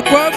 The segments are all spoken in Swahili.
kwa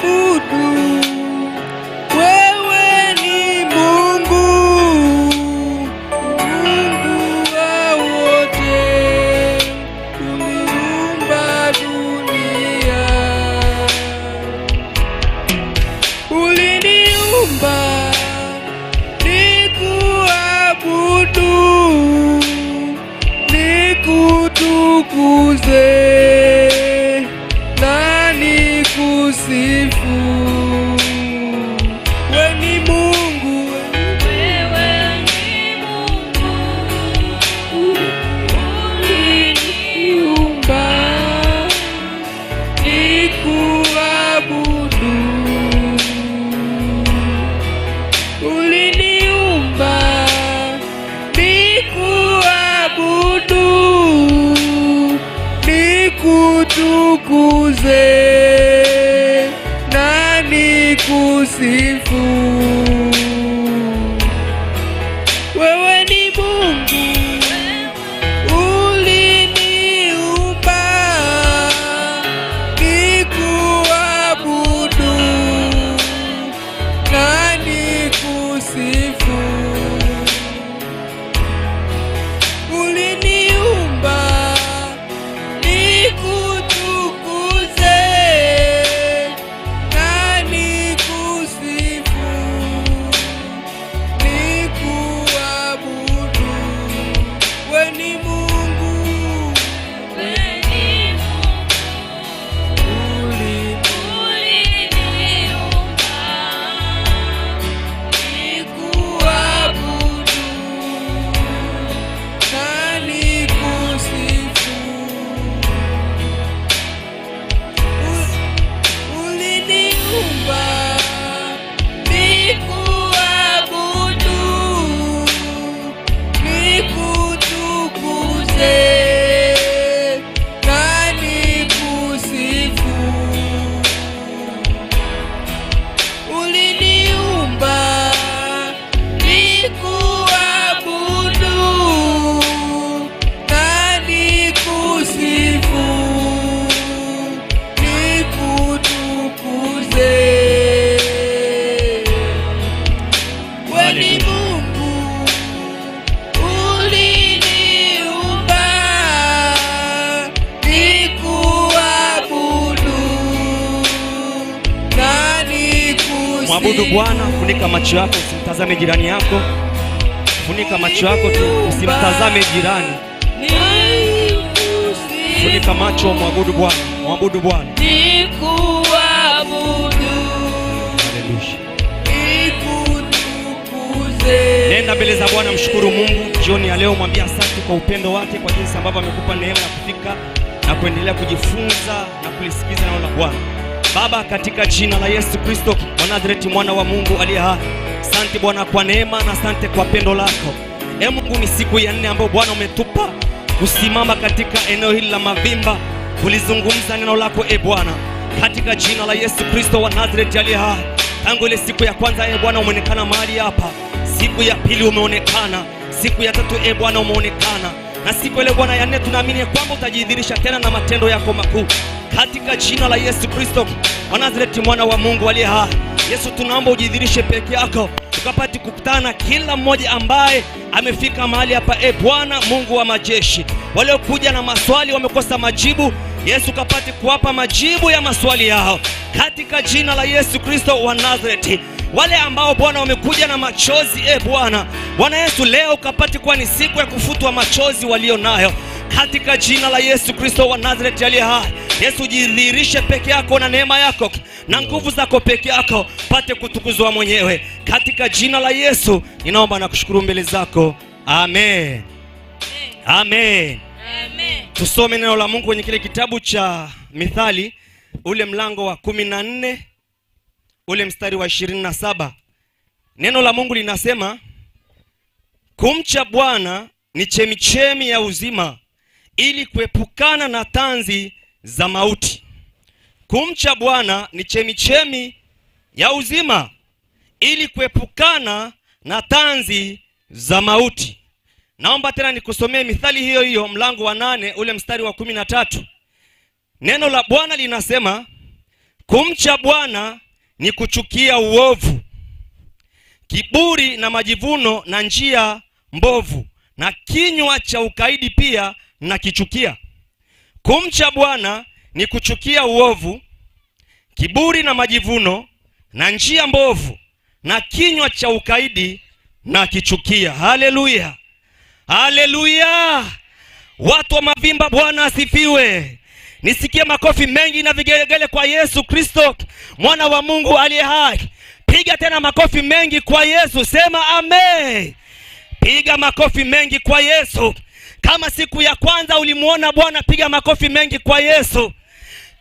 Funika macho yako, usimtazame jirani yako. Funika macho yako tu, usimtazame jirani. Funika macho, mwabudu Bwana, mwabudu Bwana. Nenda mbele za Bwana, mshukuru Mungu jioni ya leo, mwambie asante kwa upendo wake, kwa jinsi ambavyo amekupa neema ya kufika na kuendelea kujifunza na kulisikiza neno la Bwana. Baba, katika jina la Yesu Kristo wa Nazareti, mwana wa Mungu aliye hai, asante Bwana kwa neema na asante kwa pendo lako. E Mungu, ni siku ya nne ambayo Bwana umetupa kusimama katika eneo hili la Mavimba kulizungumza neno lako, e Bwana, katika jina la Yesu Kristo wa Nazareti aliye hai. Tangu ile siku ya kwanza, e Bwana, umeonekana mahali hapa, siku ya pili umeonekana, siku ya tatu, e Bwana, umeonekana na siku ile Bwana ya nne, tunaamini kwamba utajidhihirisha tena na matendo yako makuu katika jina la Yesu Kristo wa Nazareti, mwana wa Mungu aliye hai. Yesu, tunaomba ujidhirishe peke yako, tukapati kukutana kila mmoja ambaye amefika mahali hapa. E Bwana Mungu wa majeshi, waliokuja na maswali wamekosa majibu, Yesu kapati kuwapa majibu ya maswali yao katika jina la Yesu Kristo wa Nazareti wale ambao Bwana wamekuja na machozi e Bwana Bwana Yesu, leo ukapati kuwa ni siku ya kufutwa machozi walio nayo katika jina la Yesu Kristo wa Nazareti aliye hai. Yesu, jidhihirishe peke yako na neema yako na nguvu zako peke yako, pate kutukuzwa mwenyewe. Katika jina la Yesu ninaomba na kushukuru mbele zako, amen. Amen. Amen. Tusome neno la Mungu kwenye kile kitabu cha Mithali ule mlango wa kumi na nne ule mstari wa ishirini na saba. Neno la Mungu linasema kumcha Bwana ni chemichemi ya uzima, ili kuepukana na tanzi za mauti. Kumcha Bwana ni chemichemi ya uzima, ili kuepukana na tanzi za mauti. Naomba tena nikusomee mithali hiyo hiyo, mlango wa nane ule mstari wa kumi na tatu. Neno la Bwana linasema kumcha Bwana ni kuchukia uovu, kiburi na majivuno, na njia mbovu, na kinywa cha ukaidi pia na kichukia. Kumcha Bwana ni kuchukia uovu, kiburi na majivuno, na njia mbovu, na kinywa cha ukaidi na kichukia. Haleluya, haleluya! Watu wa Mavimba, Bwana asifiwe. Nisikie makofi mengi na vigelegele kwa Yesu Kristo, mwana wa Mungu aliye hai. Piga tena makofi mengi kwa Yesu, sema amen. Piga makofi mengi kwa Yesu. Kama siku ya kwanza ulimuona Bwana, piga makofi mengi kwa Yesu.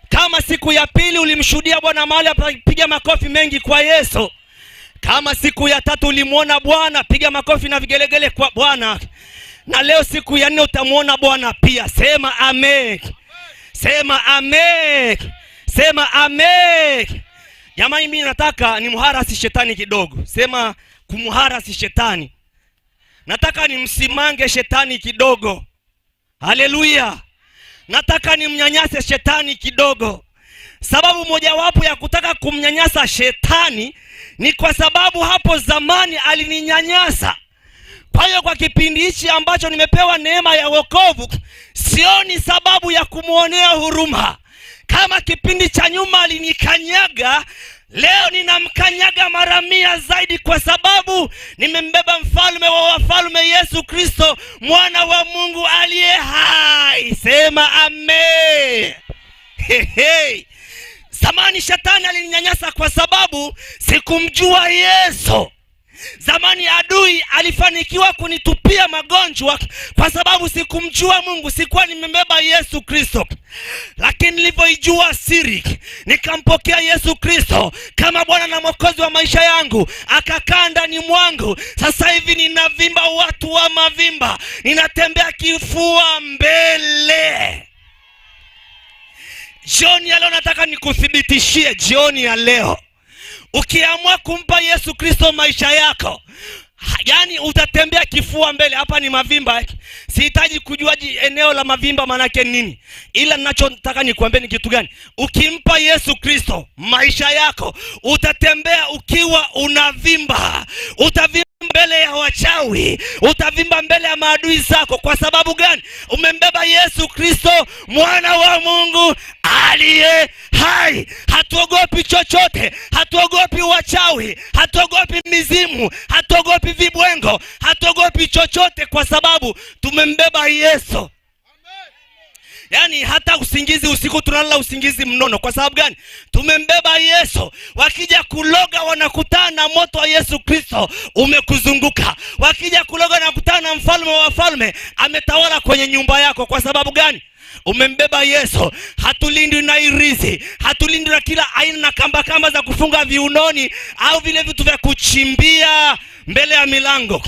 Kama siku ya pili ulimshuhudia Bwana mahali, piga makofi mengi kwa Yesu. Kama siku ya tatu ulimuona Bwana, piga makofi na vigelegele kwa Bwana. Na leo siku ya nne utamuona Bwana pia. Sema amen, sema amen, sema amen. Jamani, mimi nataka nimharasi shetani kidogo. Sema kumharasi shetani Nataka nimsimange shetani kidogo. Haleluya! Nataka nimnyanyase shetani kidogo. Sababu mojawapo ya kutaka kumnyanyasa shetani ni kwa sababu hapo zamani alininyanyasa. Kwa hiyo kwa kipindi hichi ambacho nimepewa neema ya wokovu, sioni sababu ya kumwonea huruma. Kama kipindi cha nyuma alinikanyaga, Leo ninamkanyaga mara mia zaidi, kwa sababu nimembeba mfalme wa wafalme, Yesu Kristo, mwana wa Mungu aliye hai. Sema amen. Hey, hey. Zamani shetani alininyanyasa kwa sababu sikumjua Yesu. Zamani adui alifanikiwa kunitupia magonjwa kwa sababu sikumjua Mungu, sikuwa nimembeba Yesu Kristo. Lakini nilivyoijua siri, nikampokea Yesu Kristo kama Bwana na Mwokozi wa maisha yangu, akakaa ndani mwangu. Sasa hivi ninavimba watu wa mavimba, ninatembea kifua mbele. Jioni ya leo nataka nikuthibitishie, jioni ya leo ukiamua kumpa Yesu Kristo maisha yako, yaani utatembea kifua mbele. Hapa ni mavimba, eh. sihitaji kujua eneo la mavimba maanake nini, ila ninachotaka nikuambie ni kitu gani. Ukimpa Yesu Kristo maisha yako, utatembea ukiwa unavimba, utavimba mbele ya wachawi, utavimba mbele ya maadui zako. Kwa sababu gani? Umembeba Yesu Kristo, mwana wa Mungu aliye hai. Hatuogopi chochote, hatuogopi wachawi, hatuogopi mizimu, hatuogopi vibwengo, hatuogopi chochote, kwa sababu tumembeba Yesu. Yaani hata usingizi usiku tunalala usingizi mnono. Kwa sababu gani? Tumembeba Yesu. Wakija kuloga wanakutana na moto wa Yesu Kristo umekuzunguka. Wakija kuloga wanakutana na mfalme wa wafalme ametawala kwenye nyumba yako. Kwa sababu gani? Umembeba Yesu. Hatulindwi na irizi, hatulindwi na kila aina na kamba kamba za kufunga viunoni au vile vitu vya kuchimbia mbele ya milango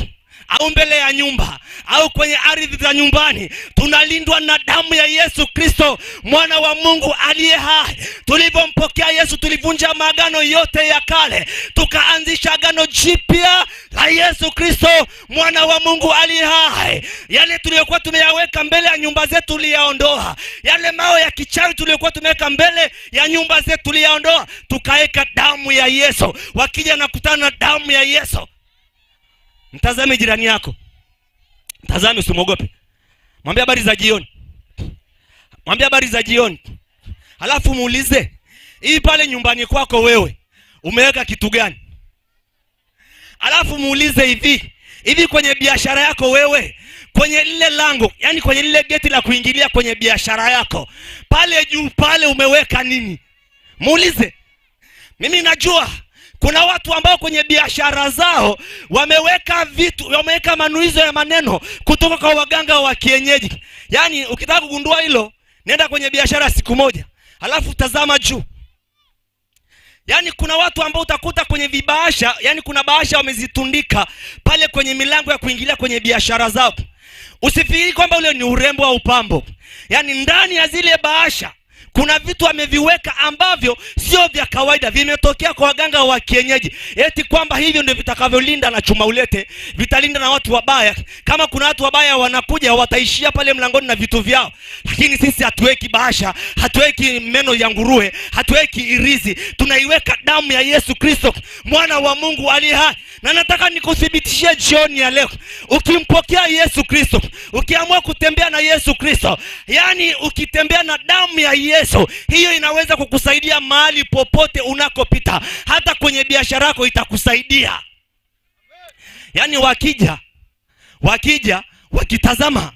au mbele ya nyumba au kwenye ardhi za nyumbani, tunalindwa na damu ya Yesu Kristo mwana wa Mungu aliye hai. Tulivyompokea Yesu, tulivunja maagano yote ya kale, tukaanzisha agano jipya la Yesu Kristo mwana wa Mungu aliye hai. Yale tuliyokuwa tumeyaweka mbele ya nyumba zetu tuliyaondoa. Yale mawe ya kichawi tuliyokuwa tumeweka mbele ya nyumba zetu tuliyaondoa, tukaweka damu ya Yesu. Wakija na kutana na damu ya Yesu Mtazame jirani yako, mtazame, usimwogope. Mwambie habari za jioni, mwambie habari za jioni, halafu muulize, hii pale nyumbani kwako wewe umeweka kitu gani? alafu muulize hivi hivi, kwenye biashara yako wewe, kwenye lile lango, yani kwenye lile geti la kuingilia kwenye biashara yako pale juu pale, umeweka nini? Muulize. Mimi najua kuna watu ambao kwenye biashara zao wameweka vitu, wameweka manuizo ya maneno kutoka kwa waganga wa kienyeji. Yaani ukitaka kugundua hilo, nenda kwenye biashara siku moja, halafu tazama juu. Yaani kuna watu ambao utakuta kwenye vibahasha, yaani kuna bahasha wamezitundika pale kwenye milango ya kuingilia kwenye biashara zao. Usifikiri kwamba ule ni urembo au upambo, yaani ndani ya zile bahasha kuna vitu ameviweka ambavyo sio vya kawaida, vimetokea kwa waganga wa kienyeji, eti kwamba hivyo ndio vitakavyolinda na chuma ulete, vitalinda na watu wabaya. Kama kuna watu wabaya wanakuja, wataishia pale mlangoni na vitu vyao. Lakini sisi hatuweki bahasha, hatuweki meno ya nguruwe, hatuweki irizi, tunaiweka damu ya Yesu Kristo, mwana wa Mungu aliye hai. Na nataka nikuthibitishie jioni ya leo, ukimpokea Yesu Kristo, ukiamua kutembea na Yesu Kristo, yani ukitembea na damu ya Yesu Yesu, hiyo inaweza kukusaidia mahali popote unakopita, hata kwenye biashara yako itakusaidia. Yaani wakija wakija wakitazama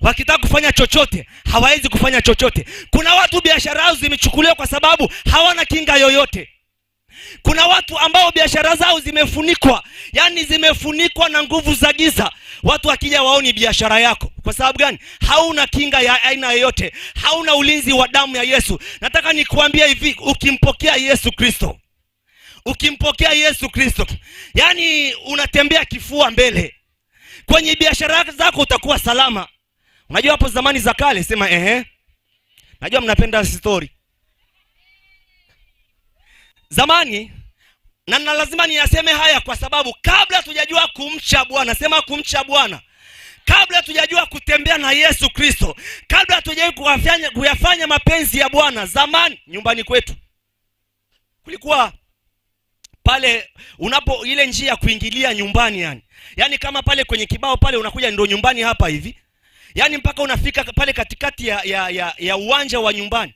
wakitaka kufanya chochote hawawezi kufanya chochote. Kuna watu biashara zao zimechukuliwa kwa sababu hawana kinga yoyote. Kuna watu ambao biashara zao zimefunikwa, yani zimefunikwa na nguvu za giza. Watu wakija waoni biashara yako. Kwa sababu gani? Hauna kinga ya aina yoyote, hauna ulinzi wa damu ya Yesu. Nataka nikuambia hivi, ukimpokea Yesu Kristo, ukimpokea Yesu Kristo, yaani unatembea kifua mbele kwenye biashara zako, utakuwa salama. Unajua hapo zamani za kale, sema ehe, najua mnapenda story zamani na na lazima niyaseme haya kwa sababu kabla tujajua kumcha Bwana, sema kumcha Bwana, kabla tujajua kutembea na Yesu Kristo, kabla tujai kuyafanya, kuyafanya mapenzi ya Bwana, zamani nyumbani kwetu kulikuwa pale unapo ile njia ya kuingilia nyumbani, yani yani kama pale kwenye kibao pale unakuja ndo nyumbani hapa hivi, yani mpaka unafika pale katikati ya, ya, ya, ya uwanja wa nyumbani.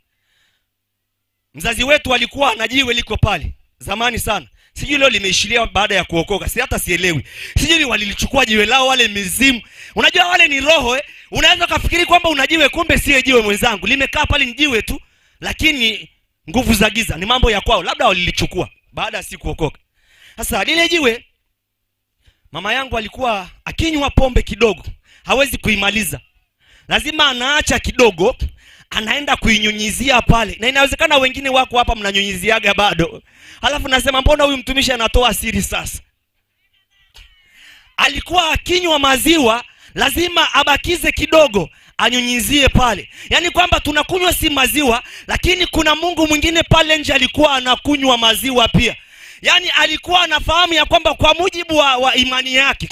Mzazi wetu alikuwa na jiwe liko pale zamani sana sijui leo limeishilia baada ya kuokoka, si hata sielewi, sijui walilichukua jiwe lao wale mizimu. Unajua wale ni roho eh? Unaweza ukafikiri kwamba unajiwe kumbe siye jiwe mwenzangu, limekaa pale ni jiwe tu, lakini nguvu za giza ni mambo ya kwao, labda walilichukua baada ya si kuokoka. Sasa lile jiwe, mama yangu alikuwa akinywa pombe kidogo, hawezi kuimaliza, lazima anaacha kidogo anaenda kuinyunyizia pale, na inawezekana wengine wako hapa mnanyunyiziaga bado, halafu nasema mbona huyu mtumishi anatoa siri? Sasa alikuwa akinywa maziwa, lazima abakize kidogo anyunyizie pale, yaani kwamba tunakunywa si maziwa, lakini kuna Mungu mwingine pale nje alikuwa anakunywa maziwa pia. Yaani alikuwa anafahamu ya kwamba kwa mujibu wa, wa imani yake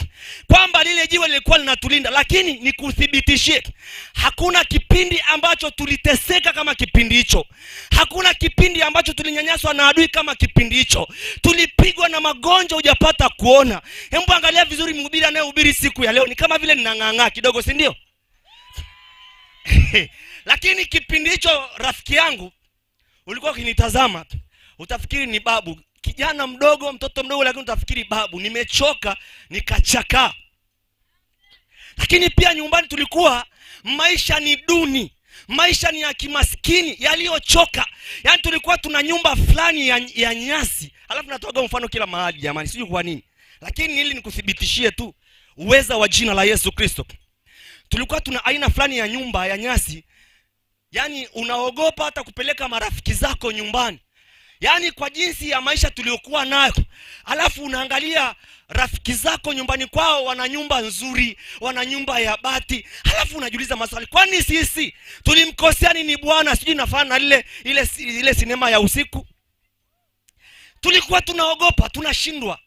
kwamba lile jiwe lilikuwa linatulinda, lakini nikuthibitishie, hakuna kipindi ambacho tuliteseka kama kipindi hicho. Hakuna kipindi ambacho tulinyanyaswa na adui kama kipindi hicho. Tulipigwa na magonjwa hujapata kuona. Hebu angalia vizuri, mhubiri anayehubiri siku ya leo ni kama vile ninang'ang'aa kidogo, si ndio? Lakini kipindi hicho, rafiki yangu, ulikuwa ukinitazama utafikiri ni babu kijana mdogo, mtoto mdogo, lakini utafikiri babu, nimechoka nikachakaa. Lakini pia nyumbani tulikuwa maisha ni duni, maisha ni ya kimaskini yaliyochoka. Yaani tulikuwa tuna nyumba fulani ya, ya nyasi, alafu natoaga mfano kila mahali jamani, sijui kwa nini, lakini ili nikuthibitishie tu uweza wa jina la Yesu Kristo. Tulikuwa tuna aina fulani ya nyumba ya nyasi, yaani unaogopa hata kupeleka marafiki zako nyumbani yaani kwa jinsi ya maisha tuliyokuwa nayo alafu unaangalia rafiki zako nyumbani kwao wana nyumba nzuri wana nyumba ya bati alafu unajiuliza maswali kwani sisi tulimkosea nini bwana sijui nafana na ile ile ile sinema ya usiku tulikuwa tunaogopa tunashindwa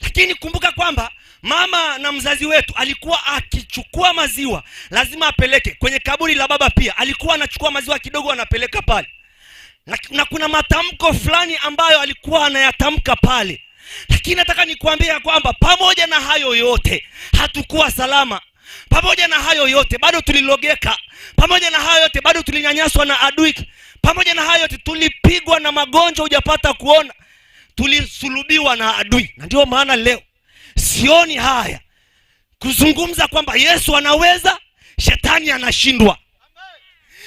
lakini kumbuka kwamba mama na mzazi wetu alikuwa akichukua maziwa lazima apeleke kwenye kaburi la baba pia alikuwa anachukua maziwa kidogo anapeleka pale na, na kuna matamko fulani ambayo alikuwa anayatamka pale, lakini nataka nikuambia ya kwamba pamoja na hayo yote hatukuwa salama. Pamoja na hayo yote bado tulilogeka. Pamoja na hayo yote bado tulinyanyaswa na adui. Pamoja na hayo yote tulipigwa na magonjwa hujapata kuona, tulisulubiwa na adui. Na ndio maana leo sioni haya kuzungumza kwamba Yesu anaweza, shetani anashindwa.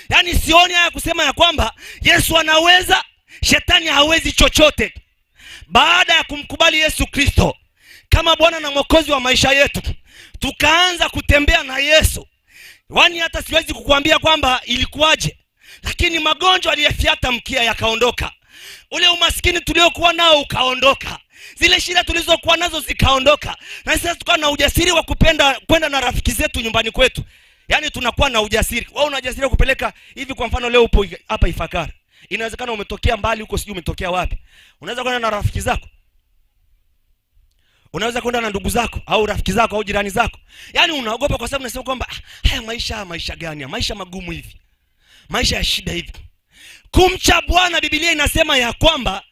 Yaani sioni haya kusema ya kwamba Yesu anaweza, shetani hawezi chochote. Baada ya kumkubali Yesu Kristo kama Bwana na Mwokozi wa maisha yetu, tukaanza kutembea na Yesu, wani hata siwezi kukuambia kwamba ilikuwaje, lakini magonjwa aliyefiata mkia yakaondoka, ule umaskini tuliokuwa nao ukaondoka zile shida tulizokuwa nazo zikaondoka, na sasa tukawa na ujasiri wa kupenda kwenda na rafiki zetu nyumbani kwetu yaani tunakuwa na ujasiri wewe una ujasiri wa kupeleka hivi kwa mfano leo upo hapa ifakara inawezekana umetokea mbali huko sijui umetokea wapi unaweza kwenda na rafiki zako unaweza kwenda na ndugu zako au rafiki zako au jirani zako yaani unaogopa kwa sababu unasema kwamba ah, haya maisha haya maisha gani maisha magumu hivi maisha ya shida hivi kumcha bwana biblia inasema ya kwamba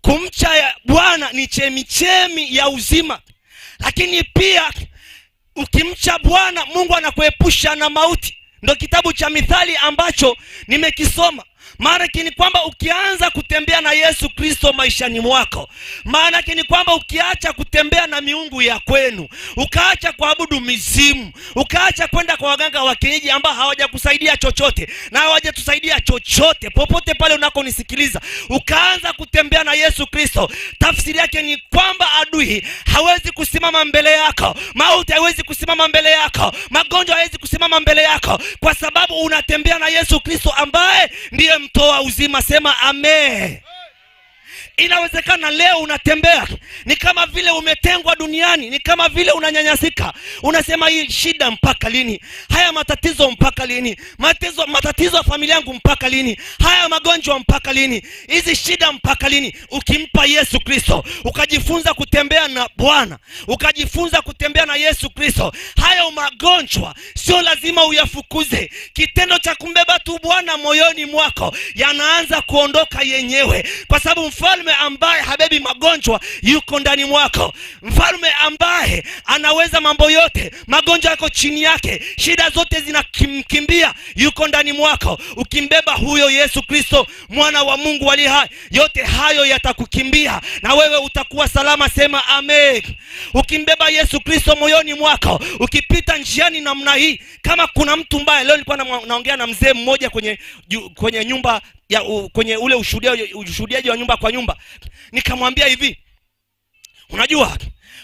kumcha bwana ni chemichemi ya uzima lakini pia Ukimcha Bwana Mungu anakuepusha na mauti. Ndo kitabu cha Mithali ambacho nimekisoma maana ni kwamba ukianza kutembea na Yesu Kristo maishani mwako, maana ni kwamba ukiacha kutembea na miungu ya kwenu, ukaacha kuabudu mizimu, ukaacha kwenda kwa waganga wa kienyeji ambao hawajakusaidia chochote na hawajatusaidia chochote, popote pale unakonisikiliza, ukaanza kutembea na Yesu Kristo, tafsiri yake ni kwamba adui hawezi kusimama mbele yako, mauti hawezi kusimama mbele yako, magonjwa hawezi kusimama mbele yako, kwa sababu unatembea na Yesu Kristo ambaye ndiye mtoa uzima, sema amen. Inawezekana leo unatembea ni kama vile umetengwa duniani, ni kama vile unanyanyasika. Unasema hii shida mpaka lini? Haya matatizo mpaka lini? Matatizo, matatizo ya familia yangu mpaka lini? Haya magonjwa mpaka lini? Hizi shida mpaka lini? Ukimpa Yesu Kristo, ukajifunza kutembea na Bwana, ukajifunza kutembea na Yesu Kristo, hayo magonjwa sio lazima uyafukuze. Kitendo cha kumbeba tu Bwana moyoni mwako, yanaanza kuondoka yenyewe, kwa sababu mfalme mfalme ambaye habebi magonjwa yuko ndani mwako, mfalme ambaye anaweza mambo yote, magonjwa yako chini yake, shida zote zinamkimbia, yuko ndani mwako. Ukimbeba huyo Yesu Kristo, mwana wa Mungu aliye hai, yote hayo yatakukimbia na wewe utakuwa salama. Sema amen. Ukimbeba Yesu Kristo moyoni mwako, ukipita njiani namna hii, kama kuna mtu mbaya leo, nilikuwa naongea na, na mzee mmoja kwenye, kwenye nyumba ya u, kwenye ule ushuhudiaji wa nyumba kwa nyumba, nikamwambia hivi, unajua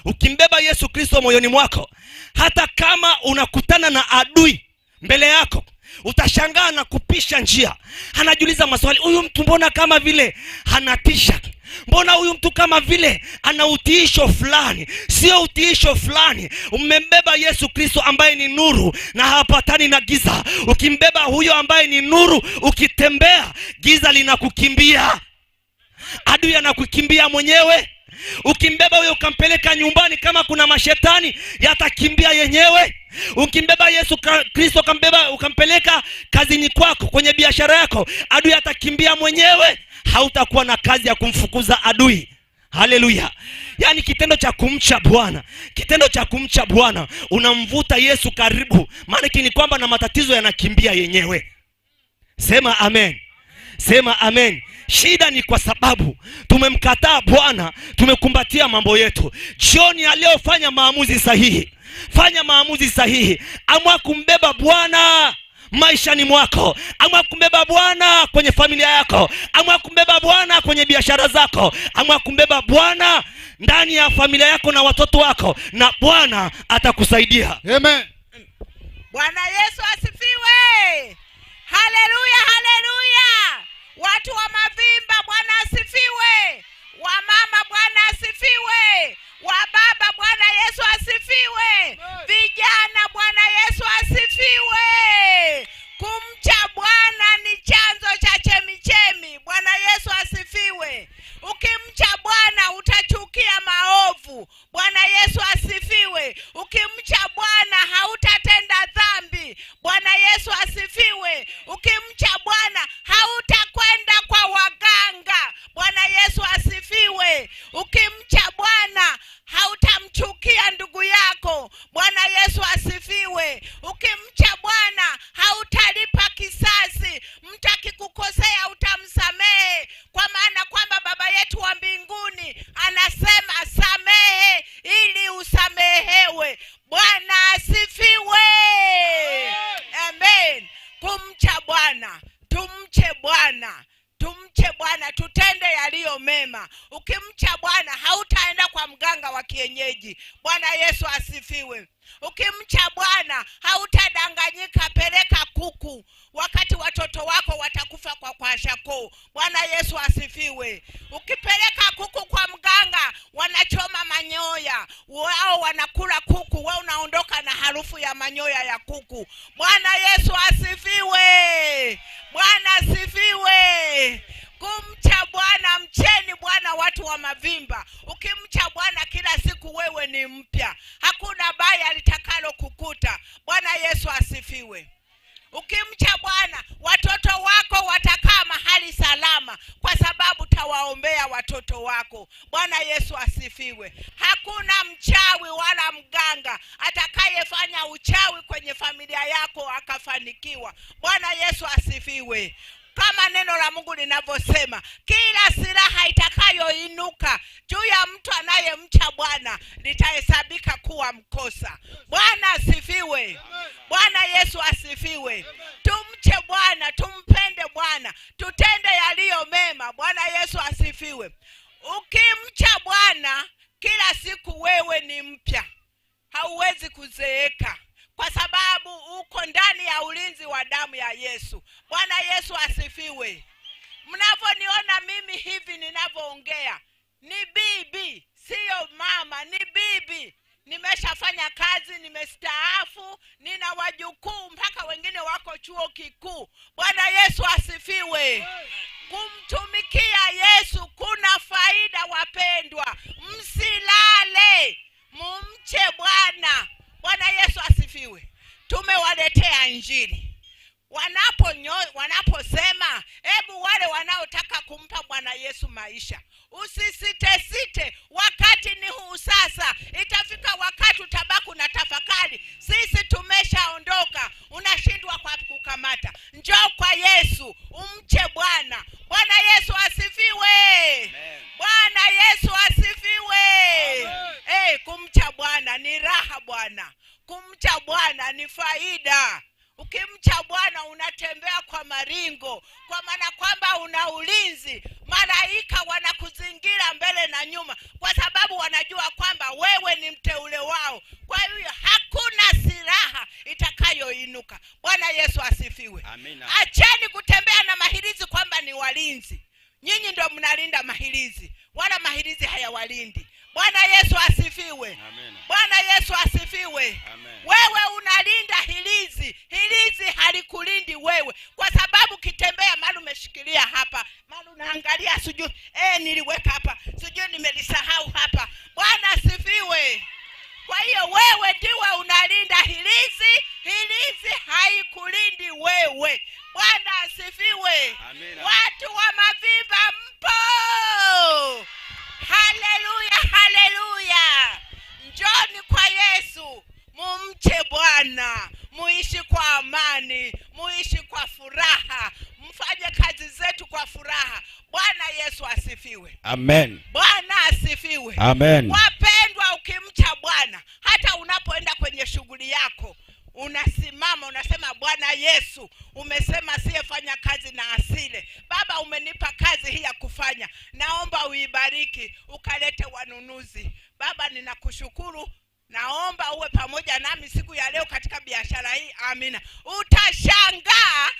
ukimbeba Yesu Kristo moyoni mwako, hata kama unakutana na adui mbele yako utashangaa na kupisha njia. Anajiuliza maswali, huyu mtu mbona kama vile anatisha? Mbona huyu mtu kama vile ana utiisho fulani? Sio utiisho fulani, umembeba Yesu Kristo ambaye ni nuru na hapatani na giza. Ukimbeba huyo ambaye ni nuru, ukitembea giza linakukimbia, adui anakukimbia mwenyewe. Ukimbeba huyo ukampeleka nyumbani, kama kuna mashetani yatakimbia yenyewe. Ukimbeba Yesu Kristo ukambeba ukampeleka kazini kwako, kwenye biashara yako, adui atakimbia mwenyewe hautakuwa na kazi ya kumfukuza adui. Haleluya! Yaani kitendo cha kumcha Bwana, kitendo cha kumcha Bwana unamvuta Yesu karibu. Maanake ni kwamba na matatizo yanakimbia yenyewe. Sema amen, sema amen. Shida ni kwa sababu tumemkataa Bwana, tumekumbatia mambo yetu. Jioni aliyofanya maamuzi sahihi, fanya maamuzi sahihi, amwa kumbeba Bwana maishani mwako, ama kumbeba Bwana kwenye familia yako, ama kumbeba Bwana kwenye biashara zako, ama kumbeba Bwana ndani ya familia yako na watoto wako, na Bwana atakusaidia. Amen. Bwana Yesu asifiwe! Haleluya, haleluya! Watu wa Mavimba, Bwana asifiwe! Wamama, Bwana asifiwe! wa baba. Bwana Yesu asifiwe! Vijana, Bwana Yesu asifiwe! Kumcha Bwana ni chanzo cha chemichemi. Bwana Yesu asifiwe! Ukimcha Bwana utachukia maovu. Bwana Yesu asifiwe! Ukimcha Bwana hautatenda atakufa kwa kwasha Bwana Yesu asifiwe. Ukipeleka kuku kwa mganga, wanachoma manyoya, wao wanakula kuku, we unaondoka na harufu ya manyoya ya kuku. Bwana Yesu asifiwe. Bwana asifiwe. Kumcha Bwana, mcheni Bwana watu wa Mavimba. Ukimcha Bwana kila siku, wewe ni mpya, hakuna baya litakalo kukuta. Bwana Yesu asifiwe. Ukimcha Bwana watoto wako watakaa mahali salama, kwa sababu tawaombea watoto wako. Bwana Yesu asifiwe. Hakuna mchawi wala mganga atakayefanya uchawi kwenye familia yako akafanikiwa. Bwana Yesu asifiwe. Kama neno la Mungu linavyosema, kila silaha itakayo che Bwana. Bwana Yesu asifiwe. Tumewaletea Injili wanaponyo wanaposema, hebu wale wanaotaka kumpa Bwana Yesu maisha, usisitesite, wakati ni huu sasa. Itafika wakati utabaku na tafakari, sisi tumeshaondoka, unashindwa kwa kukamata. Njoo kwa Yesu, umche Bwana. Bwana Yesu asifiwe! Bwana Yesu asifiwe! Hey, eh, kumcha Bwana ni raha, Bwana kumcha Bwana ni faida. Ukimcha Bwana unatembea kwa maringo, kwa maana kwamba una ulinzi. Malaika wanakuzingira mbele na nyuma, kwa sababu wanajua kwamba wewe ni mteule wao. Kwa hiyo hakuna silaha itakayoinuka. Bwana Yesu asifiwe, Acheni kutembea na mahirizi kwamba ni walinzi. Nyinyi ndio mnalinda mahirizi, wala mahirizi hayawalindi. Bwana Yesu asifiwe. Bwana Yesu asifiwe. Amen. Wewe unalinda hilizi, hilizi halikulindi wewe, kwa sababu kitembea mali umeshikilia hapa, mali unaangalia sijui eh, niliweka hapa sijui nimelisahau hapa. Bwana asifiwe. Kwa hiyo wewe ndiwe unalinda hilizi, hilizi haikulindi wewe. Bwana asifiwe. Watu wa Mavimba mpo Haleluya, haleluya! Njoni kwa Yesu, mumche Bwana, muishi kwa amani, muishi kwa furaha, mfanye kazi zetu kwa furaha. Bwana Yesu asifiwe, amen. Bwana asifiwe, amen. Wapendwa, ukimcha Bwana hata unapoenda kwenye shughuli yako unasimama unasema, Bwana Yesu, umesema siyefanya kazi na asile. Baba, umenipa kazi hii ya unayofanya. Naomba uibariki ukalete wanunuzi. Baba, ninakushukuru naomba uwe pamoja nami siku ya leo katika biashara hii, amina. Utashangaa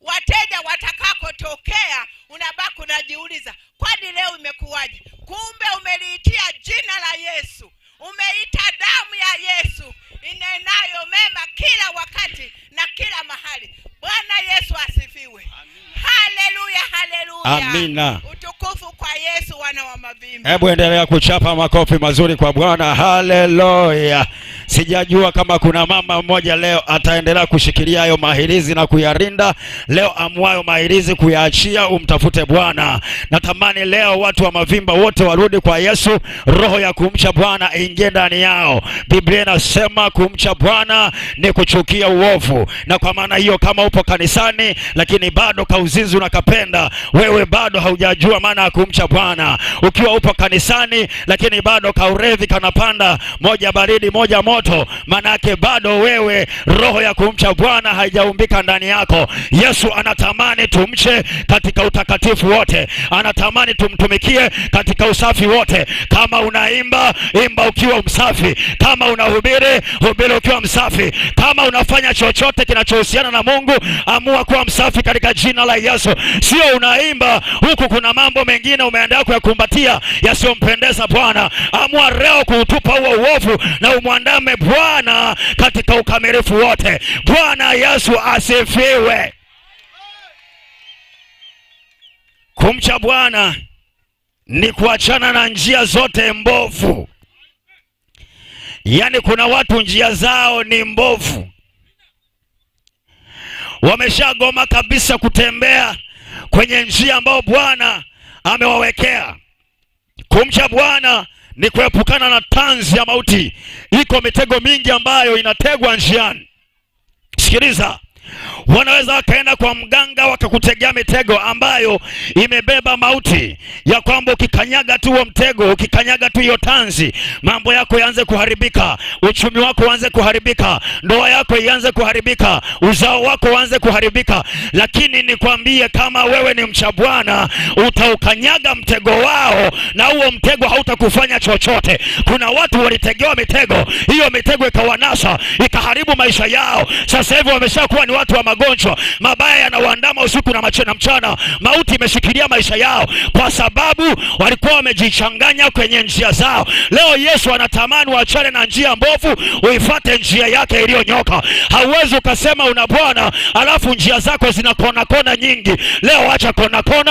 wateja watakakotokea, unabaki unajiuliza, kwani leo imekuwaje? Kumbe umeliitia jina la Yesu, umeita damu ya Yesu inenayo mema kila wakati na kila mahali. Bwana Yesu asifiwe, amina. Haleluya, haleluya. Amina. Utukufu kwa Yesu wana wa mavimbi. Hebu endelea kuchapa makofi mazuri kwa Bwana. Haleluya. Sijajua kama kuna mama mmoja leo ataendelea kushikilia hayo mahirizi na kuyarinda. Leo amwayo mahirizi kuyaachia, umtafute Bwana. Natamani leo watu wa Mavimba wote warudi kwa Yesu, roho ya kumcha Bwana ingie ndani yao. Biblia inasema kumcha Bwana ni kuchukia uovu, na kwa maana hiyo, kama upo kanisani lakini bado kau uzinzi unakapenda, wewe bado haujajua maana ya kumcha Bwana. Ukiwa upo kanisani, lakini bado kaurevi kanapanda, moja baridi moja moto, maana yake bado wewe roho ya kumcha Bwana haijaumbika ndani yako. Yesu anatamani tumche katika utakatifu wote, anatamani tumtumikie katika usafi wote. Kama unaimba imba ukiwa msafi, kama unahubiri hubiri ukiwa msafi, kama unafanya chochote kinachohusiana na Mungu, amua kuwa msafi katika jina la Yesu. Sio unaimba huku, kuna mambo mengine umeandaa kuyakumbatia yasiyompendeza Bwana. Amua leo kuutupa huo uovu na umwandame Bwana katika ukamilifu wote. Bwana Yesu asifiwe. Kumcha Bwana ni kuachana na njia zote mbovu. Yaani, kuna watu njia zao ni mbovu wameshagoma kabisa kutembea kwenye njia ambayo Bwana amewawekea. Kumcha Bwana ni kuepukana na tanzi ya mauti. Iko mitego mingi ambayo inategwa njiani. Sikiliza, Wanaweza wakaenda kwa mganga wakakutegea mitego ambayo imebeba mauti, ya kwamba ukikanyaga tu huo mtego, ukikanyaga tu hiyo tanzi, mambo yako yaanze kuharibika, uchumi wako uanze kuharibika, ndoa yako ianze kuharibika, uzao wako uanze kuharibika. Lakini nikwambie, kama wewe ni mcha Bwana, utaukanyaga mtego wao, na huo mtego hautakufanya chochote. Kuna watu walitegewa mitego, hiyo mitego ikawanasa, ikaharibu maisha yao. Sasa hivi wameshakuwa ni watu wa magonjwa mabaya yanawaandama usiku na machana mchana. Mauti imeshikilia maisha yao kwa sababu walikuwa wamejichanganya kwenye njia zao. Leo Yesu anatamani uachane na njia mbovu, uifate njia yake iliyonyoka. Hauwezi ukasema una Bwana alafu njia zako zina kona kona nyingi. Leo acha kona kona,